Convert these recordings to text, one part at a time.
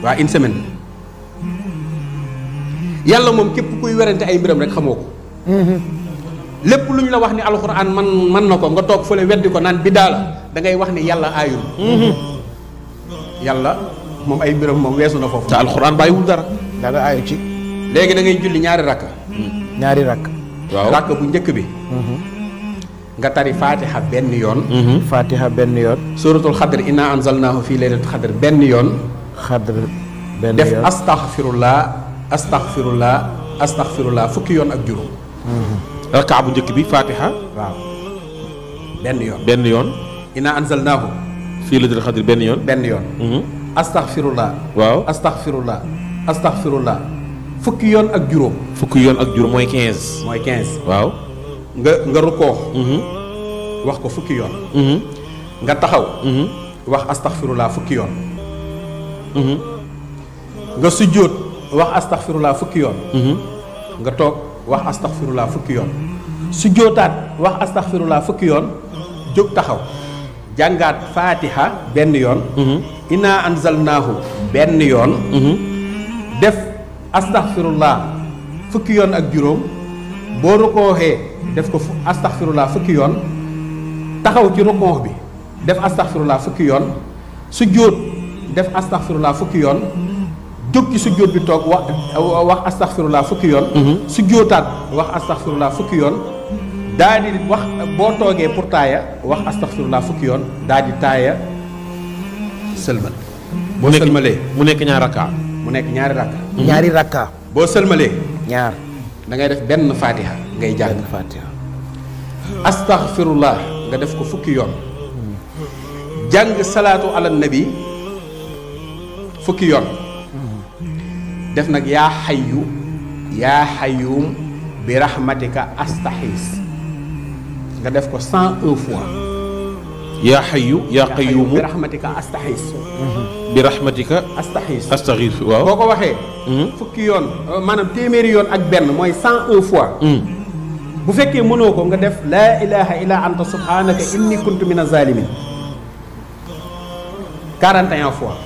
waa une semaine yàlla moom képp kuy werante ay mbiram rek xamoo ko lépp lu ñu la wax ni alxuraan man man na ko nga toog fële weddi ko naan bi daal la da ngay wax ni yàlla aayul yàlla moom ay mbiram moom weesu na foofu te alxuraan bàyyiwul dara dara aayu ci léegi da ngay julli ñaari rakk ñaari rakk waaw bu njëkk bi mhm. nga tari faatiha benn yoon mhm. faatiha benn yoon suratul xadr inna anzalnaahu fii laylatul xadr benn yoon خدر بن ديف استغفر الله استغفر الله استغفر الله فك يون اك جوروم ركعه بو ديك بي فاتحه واو بن يون بن يون انا انزلناه في لدر الخدر بن يون بن يون استغفر الله واو استغفر الله استغفر الله فك يون اك جوروم فك يون اك جوروم موي 15 موي 15 واو nga nga ruko hmm wax ko fukki yoon hmm nga taxaw hmm wax astaghfirullah fukki nga sujjóot wax astaxfirullah fukki yoon mhm. nga toog wax astax astaxfirullah fukki yoon sujjóotaat wax astax astaxfirullah fukki yoon jóg taxaw jàngaat faatiha benn yoon mhm. inna anzalnaahu benn yoon mhm. def astaxfirullah fukki yoon ak juróom boo rukooxee def ko fu astaxfirullah fukki yoon taxaw ci rukoox bi def astax astaxfirullah fukki yoon sujjóot def astaxfirullah fukki yoon jóg ci su jóot bi toog wax wax astaxfirullah fukki yoon mhm. su wax astaxfirullah fukki yoon daa di wax boo toogee pour taaya wax astaxfirullah fukki yoon daa di taaya sëlmal boo sëlmalee mu nekk ñaari mu nekk mhm. ñaari rakka boo sëlmalee ñaar def benn faatiha ngay jàng faatiha astaxfirullah nga def ko fukki yoon mhm. jàng salaatu ala nabi fukki yoon def nag yaa xayyu yaa xayyum bi rahmatika astaxiis nga def ko cent un fois yaa xayyu yaa qayyumu bi rahmatika astaxiis bi rahmatika astaxiis astaxiis waaw boo ko waxee fukki yoon maanaam téeméeri yoon ak benn mooy cent un fois bu fekkee mënoo ko nga def laa ilaha illa anta subhanaka inni kuntu min azalimin quarante et un fois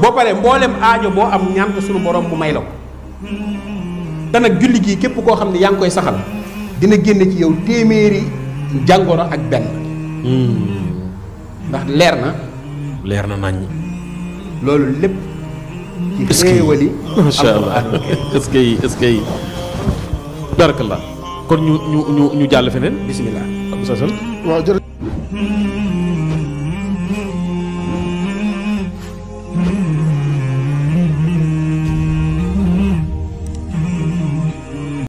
boo paree mboolem aajo boo am ñaan ko sunu borom bu may la ko te nag julli gii képp koo xam ne yaa ngi koy saxal dina génn ci yow téeméeri jàngoro ak benn. ndax leer na. leer na naññ. loolu lépp. ci xéewali macha allah est-ce que est kon ñu ñu ñu jàll feneen bisimilah. waaw jërëjëf.